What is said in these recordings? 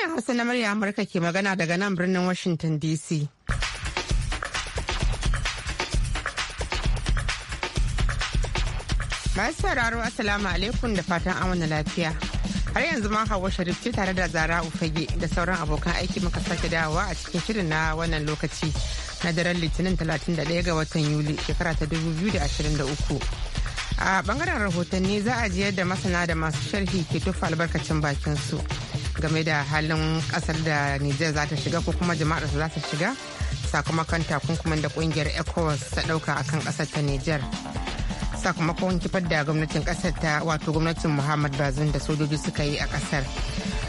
Sashen Hausa na murya Amurka ke magana daga nan birnin Washington DC. Masu sauraro Assalamu alaikum da fatan amina lafiya. Har yanzu ma hawa Sharif ce tare da Zara Ufage da sauran abokan aiki muka sake dawowa a cikin shirin na wannan lokaci na daren Litinin 31 ga watan Yuli shekara ta 2023. A bangaren rahotanni za a jiyar da masana da masu sharhi ke tufa albarkacin bakin su. game da halin kasar da Nijar za ta shiga ko kuma jama'ar za ta shiga sakamakon takunkumin da kungiyar ECOWAS ta dauka kan kasar ta Nijar. Sakamakon kifar da gwamnatin kasar ta wato gwamnatin Muhammad bazin da sojoji suka yi a kasar.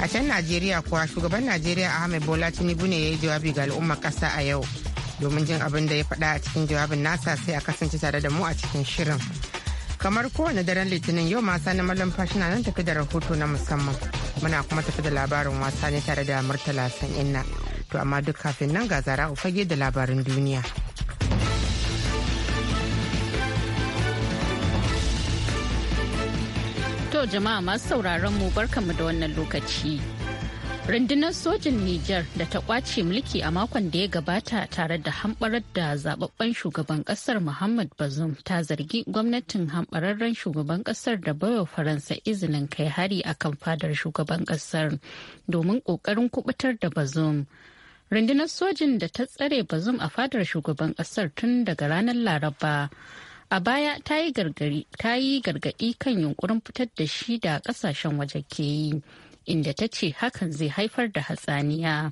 A can Najeriya kuwa shugaban Najeriya Ahmed Bola Tinubu ne ya yi jawabi ga al'ummar kasa a yau. Domin jin abin da ya faɗa a cikin jawabin nasa sai a kasance tare da mu a cikin shirin. kamar kowane daren litinin yau ma sani malam fashina nan tafi da rahoto na musamman muna kuma tafi da labarin wasa ne tare da murtala san'inna to amma duk kafin nan ga zara fage da labarin duniya to jama'a masu sauraron mu barkanmu da wannan lokaci rundunar sojin niger da ta kwace mulki a makon da ya gabata tare da hamɓarar da zababben shugaban ƙasar Muhammad Bazoum ta zargi gwamnatin hamɓararren shugaban ƙasar da baiwa Faransa izinin kai hari a kan fadar shugaban ƙasar domin ƙoƙarin kubutar da Bazoum. Rundunar sojin da ta tsare Bazoum a fadar shugaban ƙasar tun daga ranar Laraba. a baya ta yi gargaɗi kan yunkurin fitar da shi da ƙasashen waje ke yi inda ta ce hakan zai haifar da hatsaniya.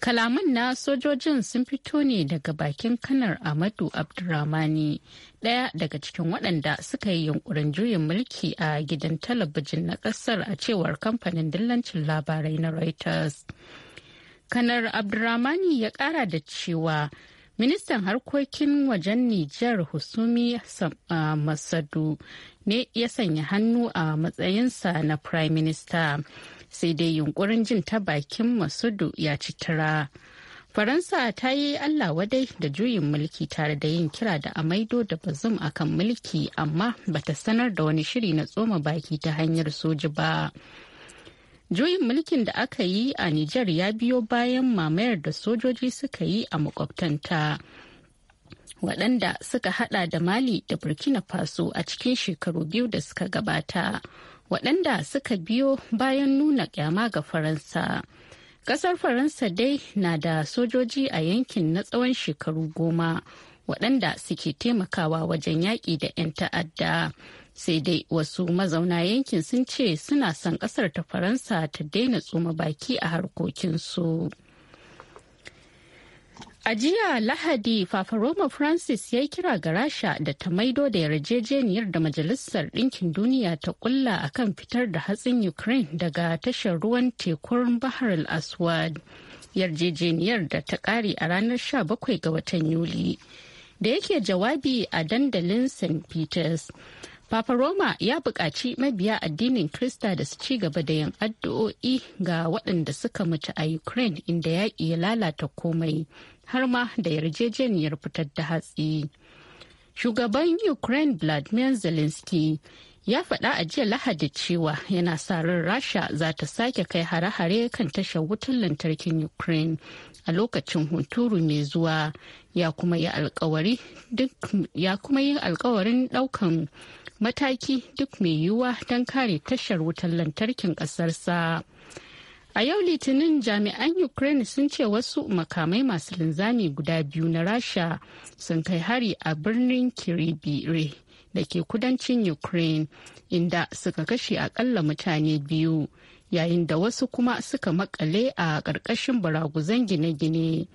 Kalaman na sojojin sun fito ne daga bakin kanar Amadu Abdurrahmani, ɗaya daga cikin waɗanda suka yi yunkurin juyin mulki a gidan talabijin na ƙasar a cewar kamfanin dillancin labarai na Reuters. Kanar Abdurrahmani ya ƙara da cewa ministan harkokin wajen Nijar Husumi ah, Masadu ne ya sanya hannu a matsayinsa na Prime Minister sai dai yunkurin jin ta bakin Masudu ya ci tara. Faransa ta yi Allah wadai da juyin mulki tare da yin kira da amaido da bazum akan mulki amma bata sanar da wani shiri na tsoma baki ta hanyar soji ba. Juyin mulkin da aka yi a Nijar ya biyo bayan mamayar da sojoji suka yi a makwabtanta. waɗanda suka hada da Mali da Burkina Faso a cikin shekaru biyu da suka gabata, waɗanda suka biyo bayan nuna kyama ga Faransa. Ƙasar Faransa dai na da sojoji a yankin na tsawon shekaru goma, waɗanda suke taimakawa wajen yaƙi da 'yan ta'adda. sai dai wasu mazauna yankin sun ce suna son kasar ta faransa ta daina tsoma baki a harkokinsu a jiya lahadi fafaroma francis ya yi kira ga rasha da ta maido da yarjejeniyar da majalisar ɗinkin duniya ta kulla kan fitar da hatsin ukraine daga tashar ruwan tekun bahar al-aswad yarjejeniyar da ta ƙare a ranar 17 ga watan yuli da yake jawabi a dandalin st peters Papa Roma ya buƙaci mabiya addinin Krista da su ci gaba da yin addu'o'i ga waɗanda suka mutu a Ukraine inda yaƙi ya lalata komai har ma da yarjejeniyar fitar da hatsi. Shugaban Ukraine Vladimir Zelensky ya faɗa a jiya Lahadi cewa yana sa ran Rasha za ta sake kai hare-hare kan tashar wutar lantarkin Ukraine a lokacin hunturu mai zuwa ya kuma yi alkawari duk alkawarin daukan mataki duk mai yiwuwa don kare tashar wutar lantarkin ƙasarsa. A yau Litinin jami'an Ukraine sun ce wasu makamai masu linzami guda biyu na Rasha sun kai hari a birnin Kiribire da ke kudancin Ukraine inda suka kashe akalla mutane biyu yayin da wasu kuma suka makale a ƙarƙashin baraguzan gine-gine.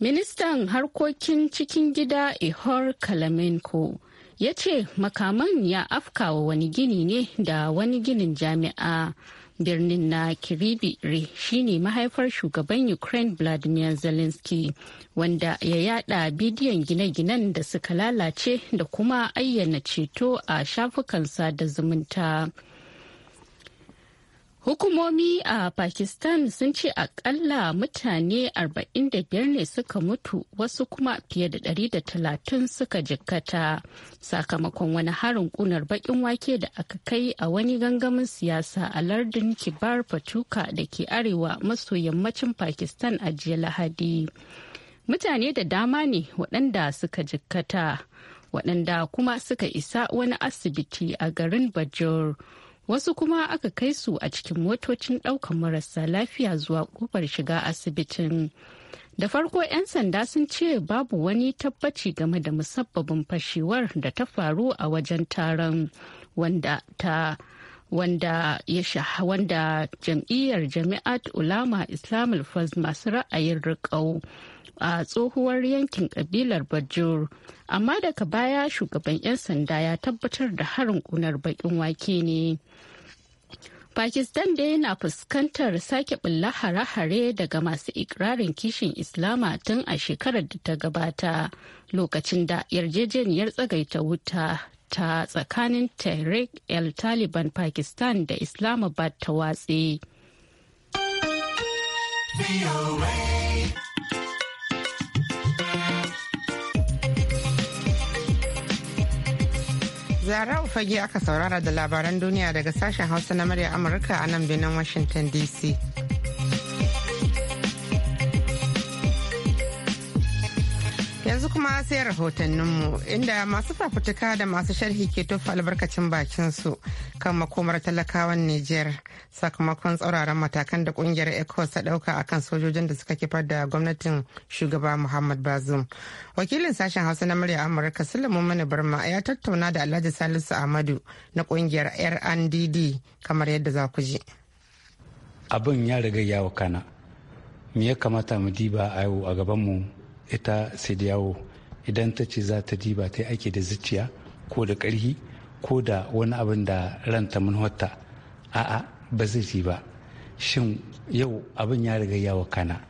Ministan harkokin cikin gida Ihor Kalamenko ya ce makaman ya afkawa wani gini ne da wani ginin jami'a. birnin na kiribiri shine mahaifar shugaban ukraine vladimir zelensky wanda ya yada bidiyon gine-ginen da suka lalace da kuma ayyana ceto a shafukan sada zumunta Hukumomi a Pakistan sun ce akalla mutane 45 ne suka mutu wasu kuma fiye da 130 suka jikkata sakamakon wani harin kunar bakin wake da aka kai a wani gangamin siyasa a lardin Kibar Fatuka da ke arewa maso yammacin Pakistan a jiya Lahadi. Mutane da dama ne waɗanda suka jikkata waɗanda kuma suka isa wani asibiti a garin Bajor. wasu kuma aka kai su a cikin motocin ɗaukar marasa lafiya zuwa kofar shiga asibitin da farko 'yan sanda sun ce babu wani tabbaci game da musabbabin fashewar da ta faru a wajen taron wanda ta wanda ya shaha wanda jam'iyyar jami'at ulama islamul faz masu ra'ayin riƙau a tsohuwar yankin kabilar bajor amma daga baya shugaban 'yan sanda ya tabbatar da harin kunar bakin wake ne pakistan dai na fuskantar sake bulla hare-hare daga masu ikirarin kishin islama tun a shekarar da ta gabata lokacin da yarjejeniyar tsagaita wuta ta tsakanin tehrik el taliban pakistan da islamabad ta watse. Zara fage aka saurara da labaran duniya daga sashen Hausa na murya Amurka a nan birnin Washington DC. Yanzu kuma sai rahotanninmu inda masu fafutuka da masu sharhi ke tofa albarkacin bakinsu kan makomar talakawan Nijar sakamakon tsauraran matakan da kungiyar ECOWAS ta dauka akan sojojin da suka kifar da gwamnatin shugaba Muhammad Bazoum. Wakilin sashen Hausa na murya Amurka Sulaiman Mani Barma ya tattauna da Alhaji Salisu Ahmadu na kungiyar RNDD kamar yadda za ku ji. Abin ya riga ya wakana. Me ya kamata mu diba a yau a gabanmu ita yawo idan ta ce za ta diba ta ake da zuciya ko da ƙarhi ko da wani abin da ranta manuwarta a'a ba zai ji ba shin yau abin ya riga yawo kana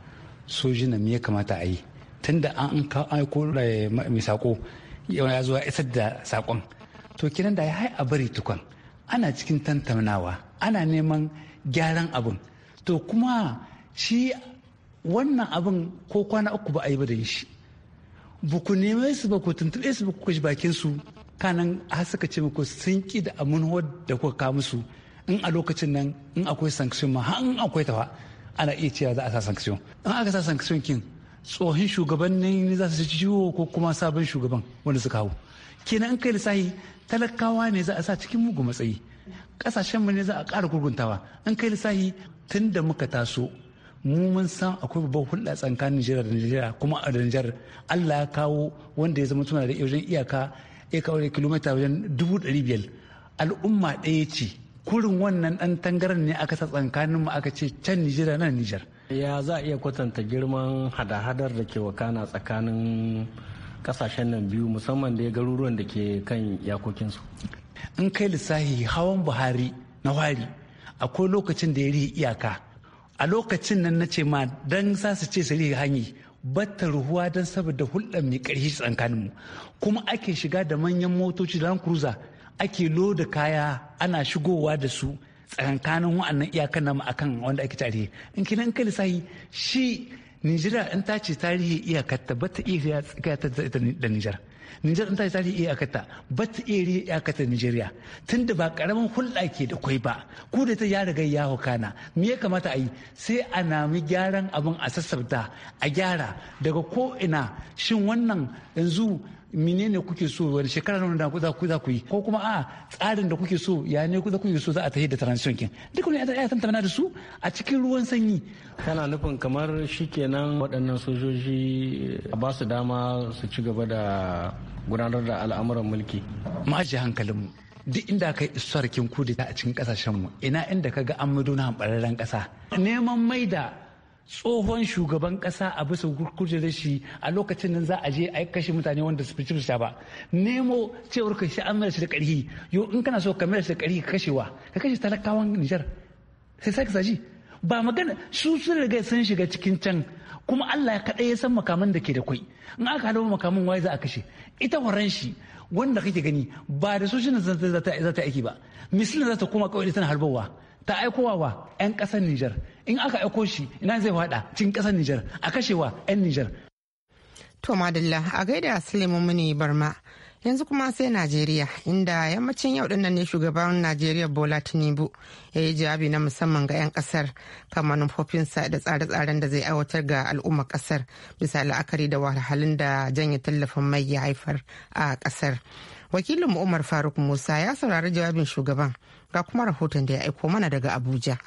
sojina me ya kamata a yi tunda an aiko eh, mai sako ya zuwa isar da sakon to kiran da ya a bari tukun ana cikin tantanawa ana neman gyaran abin to kuma shi wannan abin ko kwana uku ba a yi ba da shi ba ku neme su ba ku tuntuɓe su ba ku kashe bakin su kanan har suka ce muku sun ki da amunuwar da kuka ka musu in a lokacin nan in akwai sanction ma har in akwai tafa ana iya cewa za a sa sanction in aka sa sanction kin tsohon shugabannin ne za su ci ciwo ko kuma sabon shugaban wanda suka hau kenan in kai lissahi talakawa ne za a sa cikin mugu matsayi kasashen mu ne za a ƙara gurguntawa in kai lissahi tun da muka taso mu mun san akwai babban hulɗa tsakanin Nijar da Nijar kuma a Nijar Allah ya kawo wanda ya zama suna da wajen iyaka ya kawo da kilomita wajen dubu ɗari biyar al'umma ɗaya ce kurin wannan ɗan tangaran ne aka sa tsakanin mu aka ce can Nijar nan Nijar. Ya za a iya kwatanta girman hada-hadar da ke wakana tsakanin kasashen nan biyu musamman da ya garuruwan da ke kan yakokinsu. In kai lissahi hawan Buhari na wari akwai lokacin da ya rihi iyaka a lokacin nan na ce ma dan za su ce sari hanyi batta ruhuwa don saboda hulɗar mai ƙarfi tsakaninmu kuma ake shiga da manyan motoci land cruiser ake loda kaya ana shigowa da su tsakanin wa'annan iyakan namu akan wanda ake tarihi in kina in kai sahi shi nijira in ta ce tarihi iyakar ta bata iya tsakiya ta da Nijar Nijar ta ta iya iyakata ba ta iya iyakata Nijeriya tun da ba karamin hulɗa ke da kwai ba ku da ta ya riga ya kana me ya kamata a yi sai a nami gyaran abin a sassabta a gyara daga ko ina shin wannan yanzu menene kuke so wani shekara nuna da ku za ku yi ko kuma a tsarin da kuke so ya ne ku za ku so za a tafi da transition kin duk wani ya tamana da su a cikin ruwan sanyi kana nufin kamar shi shikenan waɗannan sojoji ba su dama su ci gaba da gudanar da al'amuran mulki ma hankalinmu duk inda ka yi sarkin kudita a cikin kasashenmu ina inda ka ga an na hambararren ƙasa neman maida tsohon shugaban kasa a bisa da shi a lokacin nan za a je a kashe mutane wanda su fice sha ba nemo cewar ka shi an shi da karhi yo in kana so ka mayar shi da karhi ka kashewa ka kashe talakawan Nijar sai sai ka saji ba magana su sun riga sun shiga cikin can kuma Allah kaɗai ya san makaman da ke da kwai in aka haɗa makaman waye za a kashe ita horon shi wanda kake gani ba da su shi za ta aiki ba misalin za ta koma kawai tana harbawa ta aikowa wa 'yan ƙasar Nijar in aka aiko shi ina zai wada cikin ƙasar Nijar a kashewa 'yan Nijar. To madalla a gaida Suleiman Muni Barma yanzu kuma sai Najeriya inda yammacin yau dinnan ne shugaban Najeriya Bola Tinubu ya yi jawabi na musamman ga 'yan kasar kan manufofinsa da tsare-tsaren da zai aiwatar ga al'ummar kasar bisa la'akari da wahalhalun da janye tallafin mai ya haifar a kasar. Wakilin Umar Faruk Musa ya saurari jawabin shugaban ga kuma rahoton da ya aiko mana daga abuja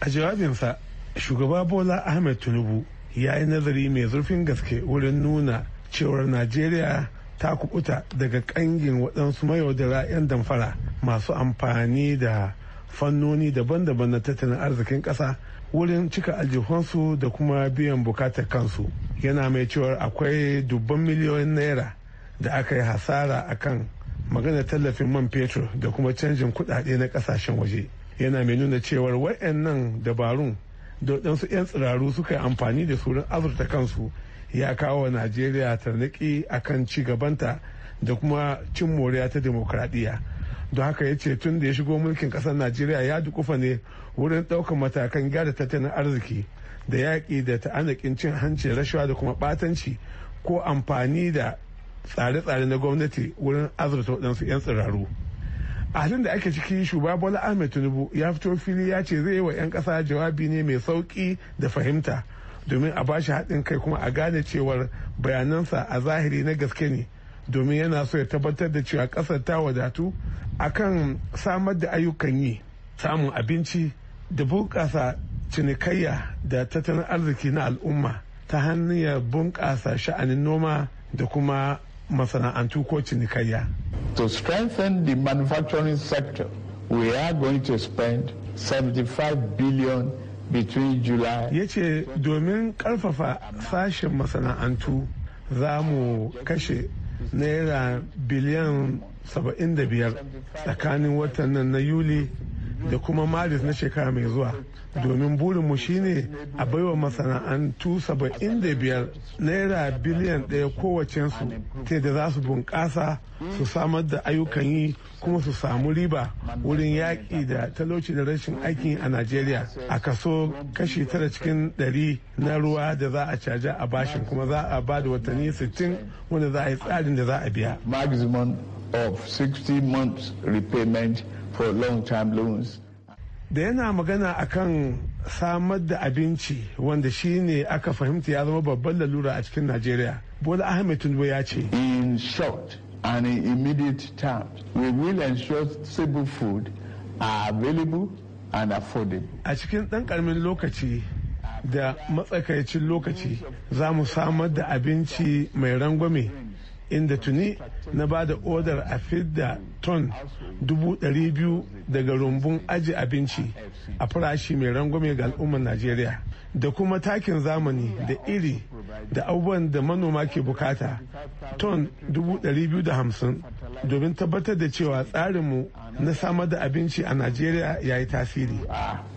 a jawabinsa shugaba bola ahmed tinubu ya yi nazari mai zurfin gaske wurin nuna cewar najeriya ta kubuta daga kangin waɗansu mayaudara 'yan damfara masu amfani da fannoni daban-daban na tattalin arzikin ƙasa wurin cika aljihunsu da kuma biyan bukatar kansu yana mai cewar akwai dubban miliyoyin naira da aka yi hasara akan maganar tallafin man fetur da kuma canjin kuɗaɗe na kasashen waje yana mai nuna cewar wayannan dabarun da waɗansu 'yan tsiraru suka yi amfani da surin azurta kansu ya kawo wa najeriya tarnaki a kan cigabanta da kuma cin moriya ta demokradiyya don haka ya ce tun da ya shigo mulkin ƙasar najeriya ya dukufa ne wurin ɗaukar matakan gyara tattalin arziki da yaƙi da ta'anakin cin hanci rashawa da kuma ɓatanci ko amfani da tsare-tsare na gwamnati wurin azurta waɗansu 'yan tsiraru a halin da ake ciki shugaba bola ahmed tinubu ya fito fili ya ce zai yi wa 'yan ƙasa jawabi ne mai sauƙi da fahimta domin a ba shi haɗin kai kuma a gane cewar bayanansa a zahiri na gaske ne domin yana so ya tabbatar da cewa ƙasar ta wadatu kan samar da ayyukan yi samun abinci da bunƙasa cinikayya da tattalin arziki na al'umma ta hanyar bunƙasa sha'anin noma da kuma masana'antu ko cinikayya. To strengthen the manufacturing sector, we are going to spend 75 billion between July. Ya ce domin karfafa sashen masana'antu za mu kashe naira biliyan 75 tsakanin watan na Yuli da kuma maris na shekara mai zuwa domin burinmu shine a baiwa masana'antu 75 naira biliyan ɗaya kowacensu ta da za su bunƙasa su samar da ayyukan yi kuma su samu riba wurin yaƙi da talauci da rashin aiki a najeriya a kaso kashi tara cikin ɗari na ruwa da za a caja a bashin kuma za a ba da watanni 60 wanda za a yi tsarin da za a biya maximum of 60 months repayment for long loans. Da yana magana akan samar da abinci wanda shi ne aka fahimta ya zama babban lalura a cikin Najeriya. Bola Ahmed Tinubu ya ce. In short and in immediate terms, we will ensure stable food are available and affordable. A cikin ɗan ƙaramin lokaci da matsakaicin lokaci za mu samar da abinci mai rangwame inda tuni na ba da odar a fidda ton 200,000 daga rumbun aji abinci a farashi mai rangwame ga al'ummar najeriya da kuma takin zamani da iri da abubuwan da manoma ke bukata ton hamsin domin tabbatar da cewa tsarinmu na samar da abinci a najeriya ya yi tasiri.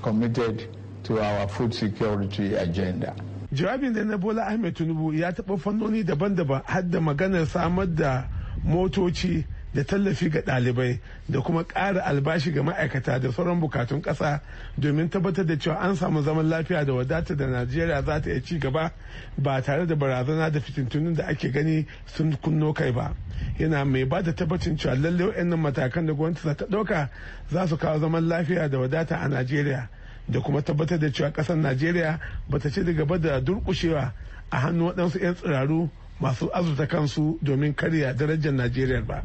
committed to our food security agenda. jawabin da na bola ahmed tinubu ya taɓa fannoni daban-daban har da maganar samar da motoci da tallafi ga ɗalibai da kuma ƙara albashi ga ma'aikata da sauran bukatun ƙasa domin tabbatar da cewa an samu zaman lafiya da wadata da najeriya za ta iya ci gaba ba tare da barazana da fitintunin da ake gani sun kunno kai ba yana mai ba da tabbacin cewa lallai waɗannan matakan da gwamnati za ta ɗauka za su kawo zaman lafiya da wadata a najeriya da kuma tabbatar da cewa kasar najeriya ba ta ci da gaba da durkushewa a hannu waɗansu 'yan tsiraru masu azurta kansu domin karya darajar najeriya ba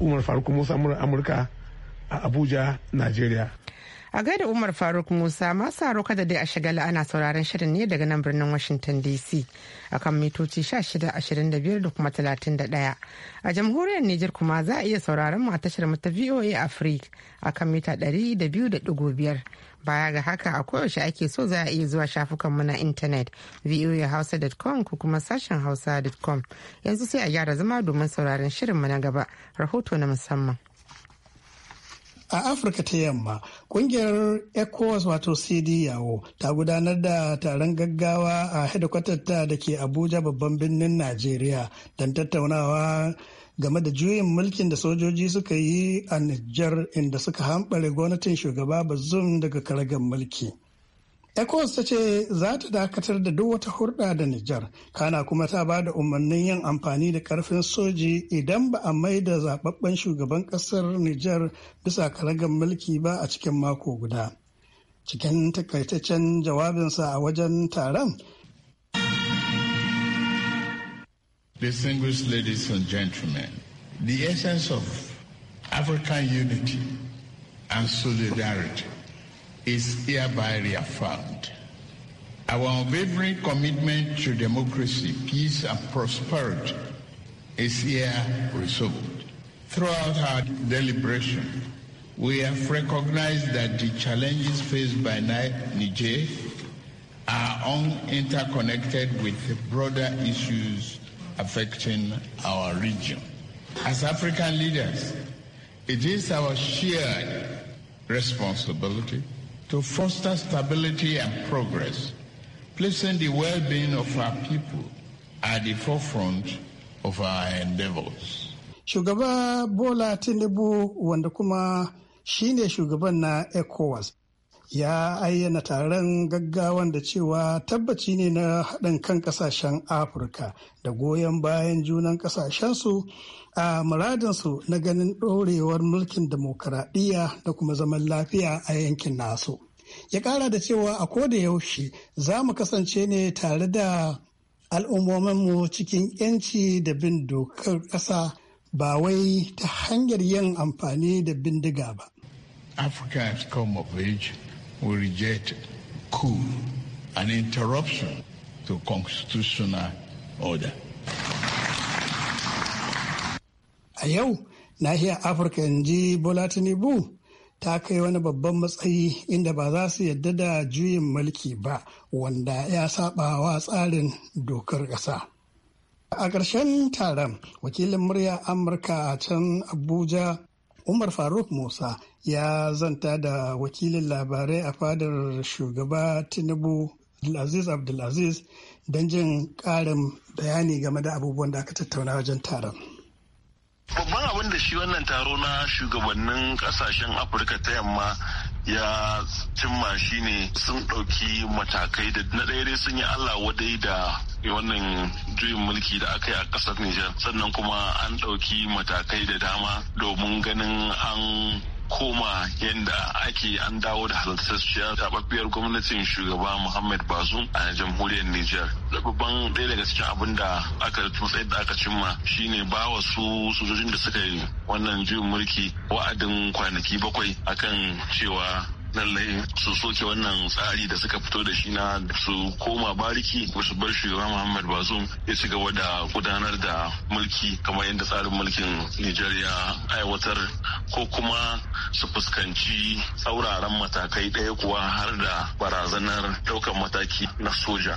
umar faruk musa amurka a abuja najeriya A gaida Umar Faruk Musa masu haruka kada dai a shagala ana sauraron shirin ne daga nan birnin Washington DC akan mitoci 1625 da kuma 31. A jamhuriyar niger kuma za a iya sauraron mu a tashar mu ta VOA Africa akan mita 200.5. Baya ga haka a koyaushe ake so za a iya zuwa shafukan mu na intanet voahausa.com ko kuma sashen hausa.com yanzu sai a gyara zama domin sauraron shirin mu na gaba rahoto na musamman. a afirka ta yamma kungiyar ecowas wato cd yawo ta gudanar da taron gaggawa a hedikwatarta da ke abuja babban birnin najeriya don tattaunawa game da juyin mulkin da sojoji suka yi a nijar inda suka hambare gwamnatin shugaba bazum daga karagar mulki ECOWAS ta ce za ta dakatar da duk wata hurɗa da Nijar, kana kuma ta ba da umarnin yin amfani da ƙarfin soji idan ba a mai da zababben shugaban ƙasar Nijar bisa karagar mulki ba a cikin mako guda. Cikin takaitaccen jawabinsa a wajen taron. Distinguished ladies and gentlemen, the essence of African unity and solidarity is hereby reaffirmed. Our unwavering commitment to democracy, peace, and prosperity is here resolved. Throughout our deliberation, we have recognized that the challenges faced by Niger are interconnected with the broader issues affecting our region. As African leaders, it is our shared responsibility to foster stability and progress, placing the well being of our people at the forefront of our endeavors. Shugaba Bola Tinubu wanda kuma shine shugaban na ECOWAS ya ayyana taron gaggawan da cewa tabbaci ne na haɗin kan ƙasashen afirka da goyon bayan junan ƙasashensu a muradinsu na ganin ɗorewar mulkin demokuraɗiyya da kuma zaman lafiya a yankin nasu ya ƙara da cewa a ko da yaushe za mu kasance ne tare da al'ummominmu cikin 'yanci da bin dokar ƙasa ba wai ta hanyar yin amfani da bindiga ba. Africa has come of age. will reject coup, an interruption to constitutional order. A yau, nahiyar Afirka ji Bola Tinubu ta kai wani babban matsayi inda ba za su yadda da juyin mulki ba wanda ya saba wa tsarin dokar ƙasa. A ƙarshen taron, wakilin murya Amurka a can Abuja Umar Faruk Musa ya zanta da wakilin labarai a fadar shugaba Tinubu Abdulaziz Abdulaziz don jin ƙarin bayani game da abubuwan da aka tattauna wajen taron. Babban abin da shi wannan taro na shugabannin kasashen Afirka ta yamma ya cimma shi ne sun ɗauki matakai da na ɗaya dai sun yi Allah wadai da wannan juyin mulki da aka yi a ƙasar Nijar sannan kuma an ɗauki matakai da dama domin ganin an koma yadda ake an dawo da halittar zababbiyar gwamnatin shugaba Muhammad Bazoum a jamhuriyar Nijar. Babban ɗaya daga cikin abin da aka tutsai da aka cimma shine ba wa su sojojin da suka yi wannan juyin mulki wa'adin kwanaki bakwai akan cewa lallai su soke wannan tsari da suka fito da shi na su koma bariki su bar shugaba muhammad bazum ya ci gaba da gudanar da mulki kamar yadda tsarin mulkin nijar ya aiwatar ko kuma su fuskanci tsauraran matakai ɗaya kuwa har da barazanar ɗaukar mataki na soja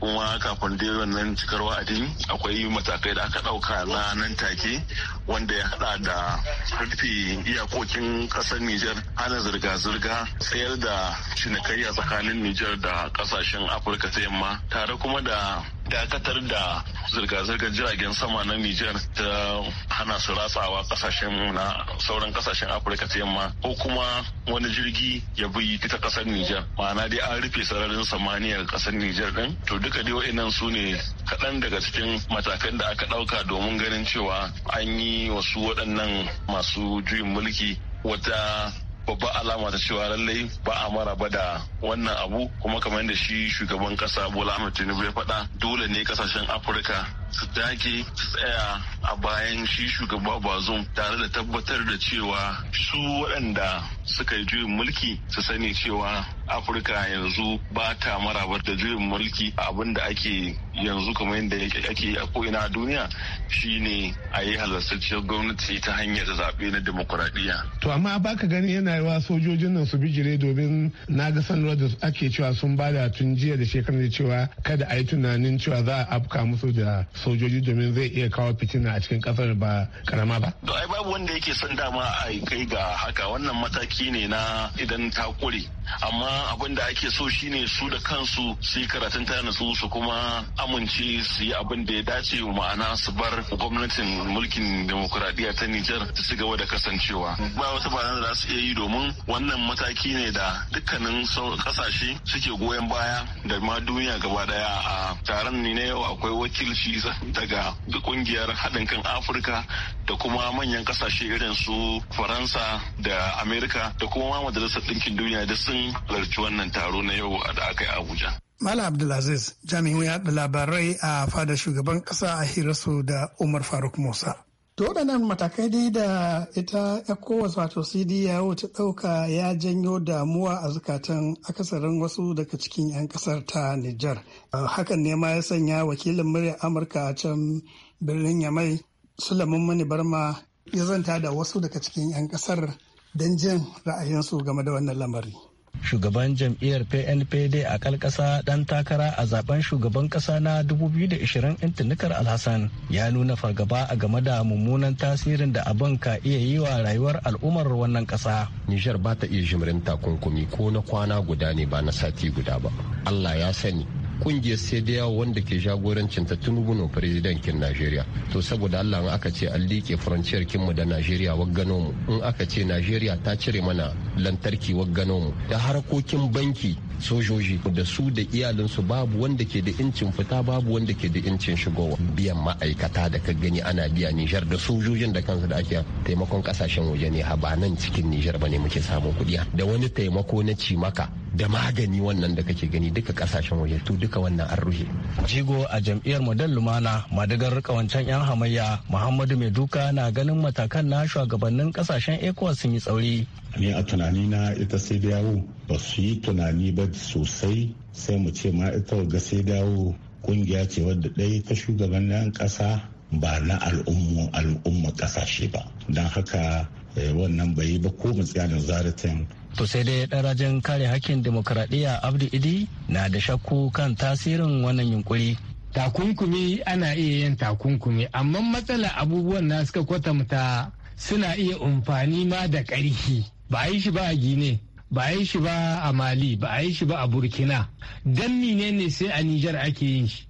kuma kafin dai wannan cikar wa'adi akwai matakai da aka ɗauka na nan take wanda ya haɗa da rufe iyakokin ƙasar Nijar hana zirga-zirga tsayar da cinikayya tsakanin Nijar da ƙasashen Afirka ta yamma tare kuma da dakatar da zirga-zirgar jiragen sama na Nijar ta hana su ratsawa kasashen na sauran kasashen Afirka ta yamma ko kuma wani jirgi ya bi ta kasar Nijar. Ma'ana dai an rufe sararin samaniyar kasar Nijar din. To duka dai wa'annan su ne kaɗan daga cikin matakan da aka ɗauka domin ganin cewa an yi wasu waɗannan masu juyin mulki wata babba alama ta cewa lallai ba a maraba da wannan abu kuma kamar da shi shugaban kasa bola ahmed tinubu ya faɗa dole ne kasashen afirka su take su tsaya a bayan shi shugaba bazum tare da tabbatar da cewa su waɗanda suka yi juyin mulki su sani cewa afirka yanzu ba ta maraba da juyin mulki abin da ake yanzu kamar yadda ake a ko'ina a duniya shine a yi halastarciyar gwamnati ta hanyar zaɓe na demokuraɗiyya. to amma baka gani yana yawa sojojin nan su bijire domin na ga sanarwar da ake cewa sun bada tun jiya da shekarar cewa kada a yi tunanin cewa za a afka musu da sojoji domin zai iya kawo fitina a cikin kasar ba karama ba. To ai babu wanda yake son dama a kai ga haka wannan mataki ne na idan ta kure amma abin da ake so shine su da kansu su yi karatun ta nasu su kuma amince su yi abin da ya dace ma'ana su bar gwamnatin mulkin demokuraɗiyya ta Nijar ta ci gaba da kasancewa. Ba wata ba da za su iya yi domin wannan mataki ne da dukkanin kasashe suke goyon baya da ma duniya gaba daya a taron ne na yau akwai wakilci daga kungiyar haɗin kan afirka da kuma manyan kasashe irin su faransa da amerika da kuma ma majalisar ɗinkin duniya da sun halarci wannan taro na yau da aka yi abuja Malam Abdulaziz jami'in yaɗa labarai a fadar shugaban ƙasa a hirarsu da Umar Faruk Musa. To waɗannan matakai dai da ita ECOWAS wato CDAO ta ɗauka ya janyo damuwa a zukatan akasarin wasu daga cikin 'yan ƙasar ta Nijar. Hakan ne ma ya sanya wakilin muryar Amurka a can birnin Yamai Sulaiman Mani Barma ya zanta da wasu daga cikin 'yan ƙasar don jin ra'ayinsu game da wannan lamari. shugaban jam'iyyar pnpd a kalkasa ɗan takara a zaben shugaban ƙasa na 2020 intanikar alhassan ya nuna fargaba a game da mummunan tasirin da abin ka iya yi wa rayuwar al'ummar wannan ƙasa nijar ba ta iya jimrin takunkumi ko na kwana guda ne ba na sati guda ba allah ya sani kungiyar sediyawa wanda ke jagorancin ta tinubu no kin najeriya to saboda allah in aka ce an liƙe faranciyar kinmu da najeriya waggano mu in aka ce najeriya ta cire mana lantarki waggano mu da harkokin banki sojoji da su da iyalinsu babu wanda ke da incin fita babu wanda ke da incin shigowa biyan ma'aikata da ka gani ana biya nijar da sojojin da kansu da ake taimakon kasashen waje ne ha ba nan cikin nijar ba ne muke samun kuɗi da wani taimako na cimaka da magani wannan da kake gani duka kasashen waje to duka wannan an ruhe. Jigo a jam'iyyar Model Lumana madagar ƙawancen 'yan hamayya Muhammadu Maiduka na ganin matakan na shugabannin kasashen ECOWAS sun yi tsauri. Ni a tunani na ita sai dawo ba su yi tunani ba sosai sai mu ce ma ita ga sai dawo kungiya ce wadda ɗaya ta shugabannin ƙasa ba na al'umma al'umma ƙasashe ba don haka eh, wannan bai ba ko mu tsaya da zaratan to sai dai darajin kare hakkin demokuraɗiyya abdu idi na da shakku kan tasirin wannan yunkuri takunkumi ana iya yin takunkumi amma matsala abubuwan na suka kwatanta suna iya amfani ma da ƙarfi ba a yi shi ba a gine ba a yi shi ba a mali ba a yi shi ba a burkina dan ne ne sai a nijar ake yin shi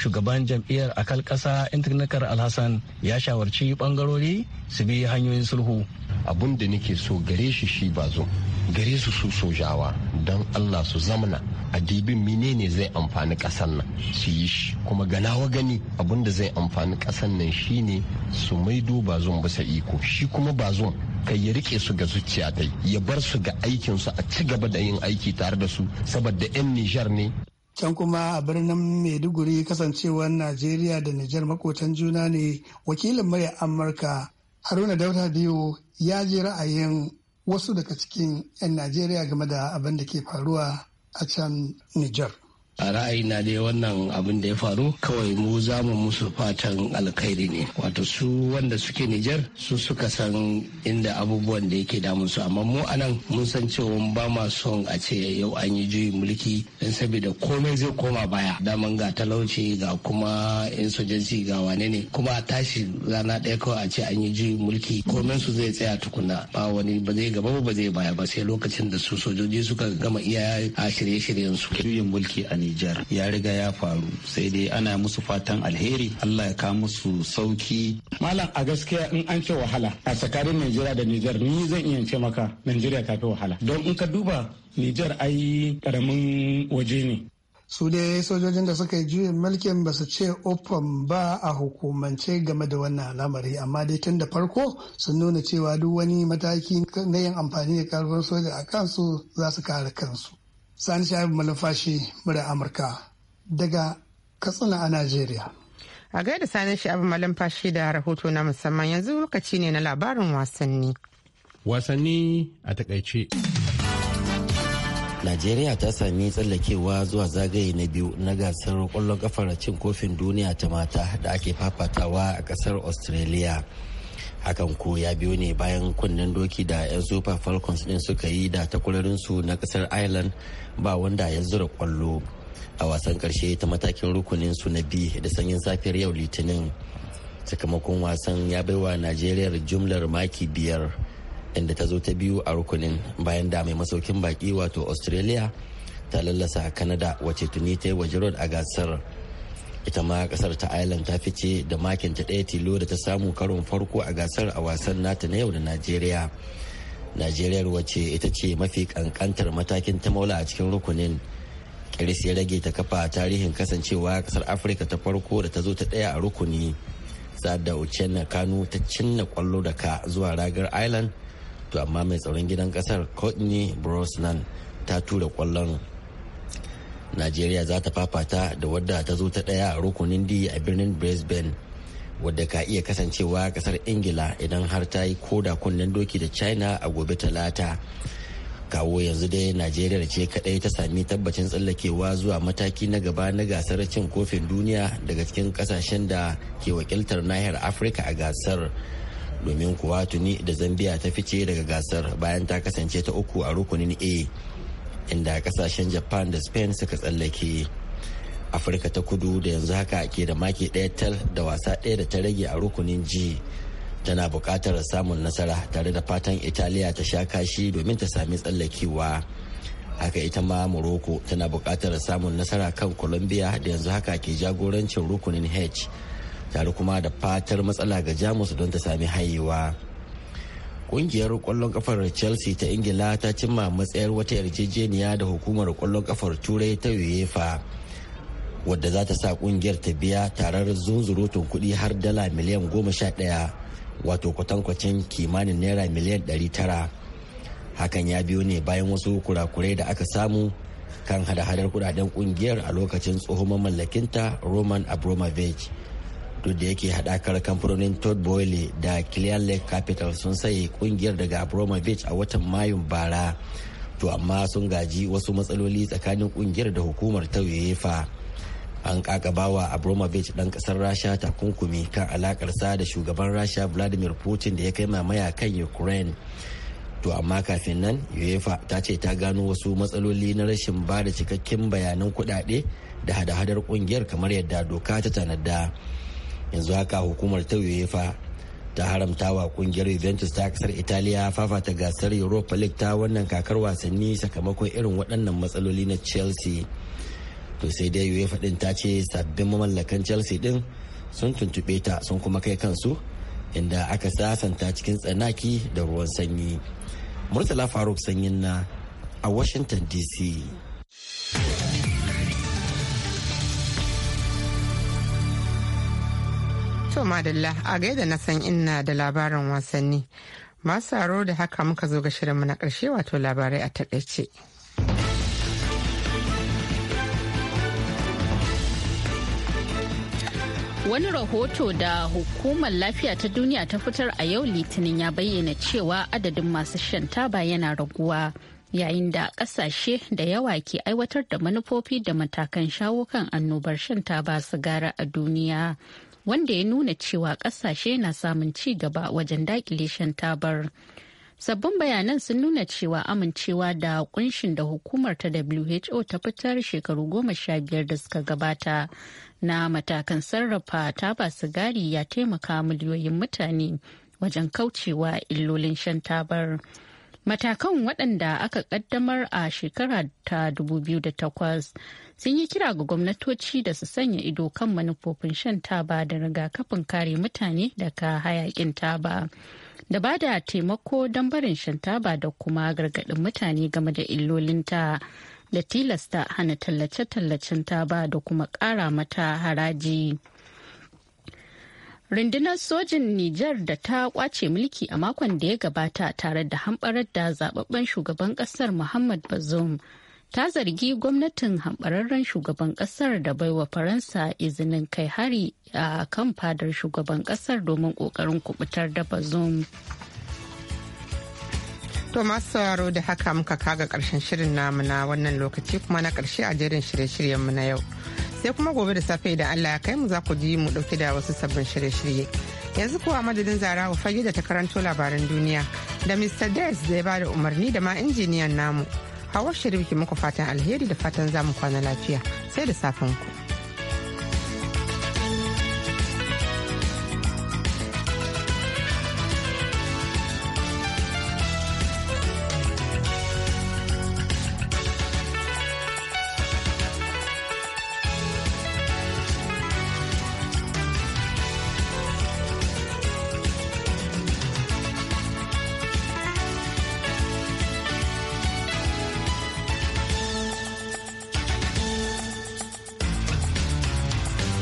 shugaban jam'iyyar akal ƙasa intanakar alhassan ya shawarci bangarori su bi hanyoyin sulhu abun da nake so gare shi shi ba zo gare su su sojawa don allah su zamana a dibin menene zai amfani kasan nan su yi shi kuma ganawa gani abun da zai amfani kasan nan shine su maido bazon bisa iko shi kuma bazon kai ya rike su ga zuciya ta ya bar su ga aikin su a ci gaba da yin aiki tare da su saboda 'yan nijar ne can kuma a birnin maiduguri kasancewar najeriya da nijar makotan juna ne wakilin murya amurka haruna dauta biyu ya je ra'ayin wasu daga cikin 'yan Najeriya game da abin da ke faruwa a can Nijar. a ra'ayi na dai wannan abin da ya faru kawai mu zamu musu fatan alkhairi ne wato su wanda suke Nijar su suka san inda abubuwan da yake damun su amma mu anan mun san cewa ba ma son a ce yau an yi juyin mulki don saboda komai zai koma baya daman ga talauci ga kuma insurgency ga wane ne kuma a tashi rana ɗaya kawai a ce an yi juyin mulki komai su zai tsaya tukuna ba wani ba zai gaba ba zai baya ba sai lokacin da su sojoji suka gama iya a shirye-shiryen su juyin mulki a Nijar ya riga ya faru sai dai ana musu fatan alheri Allah ya ka musu sauki. Malam a gaskiya in an ce wahala a tsakanin Najeriya da Nijar ni zan iya ce maka Najeriya ta fi wahala don in ka duba Nijar ai karamin waje ne su dai sojojin da suka yi juyin mulkin ba su ce open ba a hukumance game da wannan al'amari amma dai tun da farko sun nuna cewa duk wani mataki na yin amfani da karfin soja a kansu za su kare kansu Sani Shaibu Malafashi murya Amurka daga Katsina a Najeriya. A gaida Sani Shaibu Malafashi da rahoto na musamman yanzu lokaci ne na labarin wasanni. Wasanni a takaice. Najeriya ta sami tsallakewa zuwa zagaye na biyu na gasar kwallon kafar cin kofin duniya ta mata da ake fafatawa a kasar Australia. hakan ko ya biyo ne bayan kunnen doki da 'yan super falcons din suka yi da takwarorinsu na kasar ireland ba wanda ya zura kwallo a wasan karshe ta matakin rukunin su na bi da sanyin safiyar yau litinin sakamakon wasan ya baiwa najeriya jumlar maki biyar inda ta zo ta biyu a rukunin bayan da mai masaukin baki wato australia ta lallasa canada wace tuni ta yi wa a gasar ita ma kasar ta ireland ta fice da makin ta ɗaya tilo da ta samu karon farko a gasar a wasan nata na yau da najeriya najeriya wacce ita ce mafi kankantar matakin ta maula a cikin rukunin kiris ya rage ta kafa tarihin kasancewa kasar afirka ta farko da ta zo ta ɗaya a rukuni da uchenna kanu ta cinna kwallo da ka zuwa ragar ireland to amma mai tsaron gidan kasar courtney brosnan ta tura kwallon najeriya za ta fafata da wadda ta zo ta ɗaya a rukunin d a birnin brisbane wadda ka iya kasancewa kasar ingila idan har ta yi koda kunnen doki da china a gobe talata kawo yanzu dai najeriya ce kadai ta sami tabbacin tsallakewa zuwa mataki na gaba na gasar cin kofin duniya daga cikin kasashen da ke wakiltar nahiyar afirka a gasar domin kuwa tuni da zambia ta fice daga gasar bayan ta kasance ta uku a rukunin a inda kasashen japan da spain suka tsallake afirka ta kudu da yanzu haka ke da maki ɗaya tal da wasa ɗaya da ta rage a rukunin ji tana buƙatar samun nasara tare da fatan italiya ta sha kashi domin ta sami tsallakewa haka ita ma morocco tana buƙatar samun nasara kan colombia da yanzu haka ke jagorancin rukunin h tare kuma da fatar matsala ga jamus don ta sami hayewa. kungiyar kwallon kafar chelsea ta ingila ta cimma matsayar wata yarjejeniya da hukumar kwallon kafar turai ta uefa wadda za ta sa kungiyar ta biya tarar zunzurutun kudi har dala miliyan goma sha ɗaya wato kwatankwacin kimanin naira miliyan ɗari tara hakan ya biyo ne bayan wasu kurakurai da aka samu kan hada-hadar kudaden kungiyar a lokacin tsohon mallakinta roman abramovich duk da yake hadakar kamfanonin todd boyle da clear lake capital sun saye kungiyar daga abramovich a watan mayun bara to amma sun gaji wasu matsaloli tsakanin kungiyar da hukumar ta uefa an kakabawa abramovich dan kasar rasha takunkumi kan alakarsa da shugaban rasha vladimir putin da ya kai mamaya kan ukraine to amma kafin nan uefa ta ce ta gano wasu matsaloli na rashin ba da cikakken bayanan kudade da hada-hadar kungiyar kamar yadda doka ta tanada. yanzu haka hukumar ta uefa ta haramta wa kungiyar juventus ta kasar italiya fafata gasar europa league ta wannan kakar wasanni sakamakon irin waɗannan matsaloli na chelsea to sai dai uefa din ta ce sabbin mamallakan chelsea din sun tuntuɓe ta sun kuma kai kansu inda aka sasanta cikin tsanaki da ruwan sanyi murtala faruk sanyin na a washington dc To madalla a gaida na san ina da labarin wasanni. Masu haro da haka muka zo ga shirinmu na karshe wato labarai a takaice. Wani rahoto da hukumar lafiya ta duniya ta fitar a yau litinin ya bayyana cewa adadin masu shan taba yana raguwa yayin da ƙasashe da yawa ke aiwatar da manufofi da matakan shawo kan annobar shan taba sigara a duniya wanda ya nuna cewa kasashe na samun ci gaba wajen dakile shan tabar. Sabbin bayanan sun nuna cewa amincewa da kunshin da hukumar ta WHO ta fitar shekaru goma sha biyar da suka gabata na matakan sarrafa taba sigari ya taimaka miliyoyin mutane wajen kaucewa illolin shan tabar. Matakan waɗanda aka ƙaddamar a shekara ta 2008 sun yi kira ga gwamnatoci da su sanya ido kan manufofin shan taba da rigakafin kare mutane daga hayakin taba. Da ba da taimako don barin shan taba da kuma gargaɗin mutane game da illolinta da tilasta hana tallace-tallacen taba da kuma ƙara mata haraji. rundunar sojin Nijar da ta kwace mulki a makon da ya gabata tare da hamɓarar da zababben shugaban ƙasar Muhammad Bazoum ta zargi gwamnatin hamɓararren shugaban ƙasar da baiwa Faransa izinin kai hari a kan fadar shugaban ƙasar domin ƙoƙarin kubutar da Bazoum. To masu sauraro da haka muka kaga ƙarshen shirin namu wannan lokaci kuma na ƙarshe a jerin shirye-shiryenmu na yau. sai kuma gobe da safe idan Allah ya kai mu za ku ji mu dauke da wasu sabbin shirye-shirye. Yanzu kuwa madadin zara wa fage da ta karanto labaran duniya da Mr. Des zai ba da umarni da ma injiniyan namu. Hawa shirin ki muku fatan alheri da fatan zamu kwana lafiya sai da safen ku.